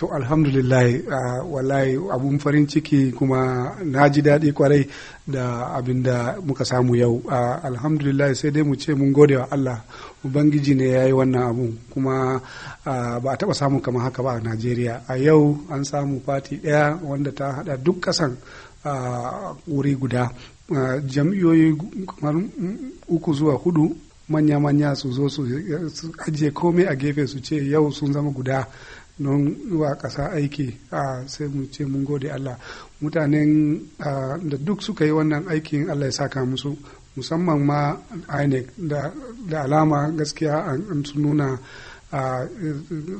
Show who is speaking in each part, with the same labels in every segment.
Speaker 1: to alhamdulillah wallahi abun farin ciki kuma na ji daɗi kwarai da abin da muka samu yau uh, alhamdulillah sai dai mu ce mun gode wa allah ubangiji ne ya yi wannan abun kuma ba a taɓa samu kamar haka ba a najeriya a yau an samu fati ɗaya wanda ta haɗa duk ƙasan wuri guda jam'iyoyi uku zuwa hudu manya-manya su zo su ajiye komai a gefe su ce yau sun zama guda don wa ƙasa aiki a sai mu ce mun gode Allah mutanen da duk suka yi wannan aikin Allah ya saka musu musamman ma INEC da alama gaskiya an su nuna a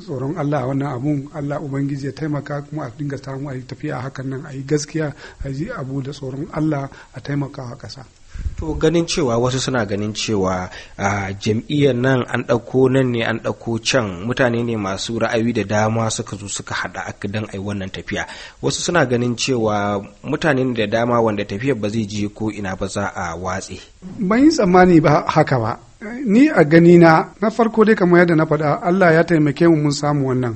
Speaker 1: tsoron Allah wannan abun Allah Ubangiji ya taimaka kuma a dinga samu a yi tafiya hakan nan a yi gaskiya a yi abu da tsoron Allah a taimaka a ƙasa.
Speaker 2: to ganin cewa wasu suna ganin cewa a jam'iyyar nan an ɗauko nan ne an ɗauko can mutane ne masu ra'ayi da dama suka zo suka haɗa aka dan ai wannan tafiya wasu suna ganin cewa mutane da dama wanda tafiyar ba zai je ko ina ba za a watse
Speaker 1: ban yi tsammani ba haka ba ni a gani na na farko dai kamar yadda na faɗa Allah ya taimake mu mun samu wannan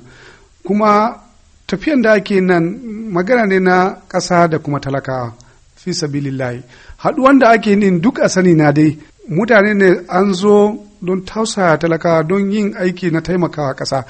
Speaker 1: kuma tafiyan da ake nan magana ne na ƙasa da kuma talakawa fi sabilillahi haɗuwan da ake nin duk a sani na dai mutane ne an zo don tausaya talaka don yin aiki na taimakawa ƙasa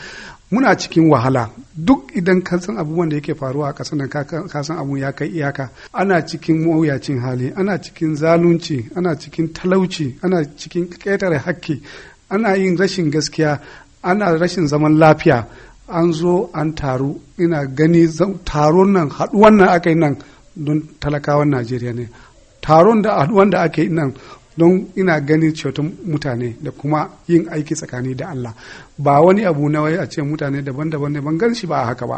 Speaker 1: muna cikin wahala duk idan ka san abubuwan da yake faruwa a ƙasar nan ka san abu ya kai iyaka ana cikin mawuyacin hali ana cikin zalunci ana cikin talauci ana cikin ƙetare hakki ana yin rashin gaskiya ana rashin zaman lafiya an zo an taru ina gani taron nan haɗuwan nan aka yi nan don talakawan najeriya ne taron da wanda ake nan don ina ganin ceton mutane da kuma yin aiki tsakani da allah ba wani abu na wai a ce mutane daban-daban ne ban gan shi ba haka ba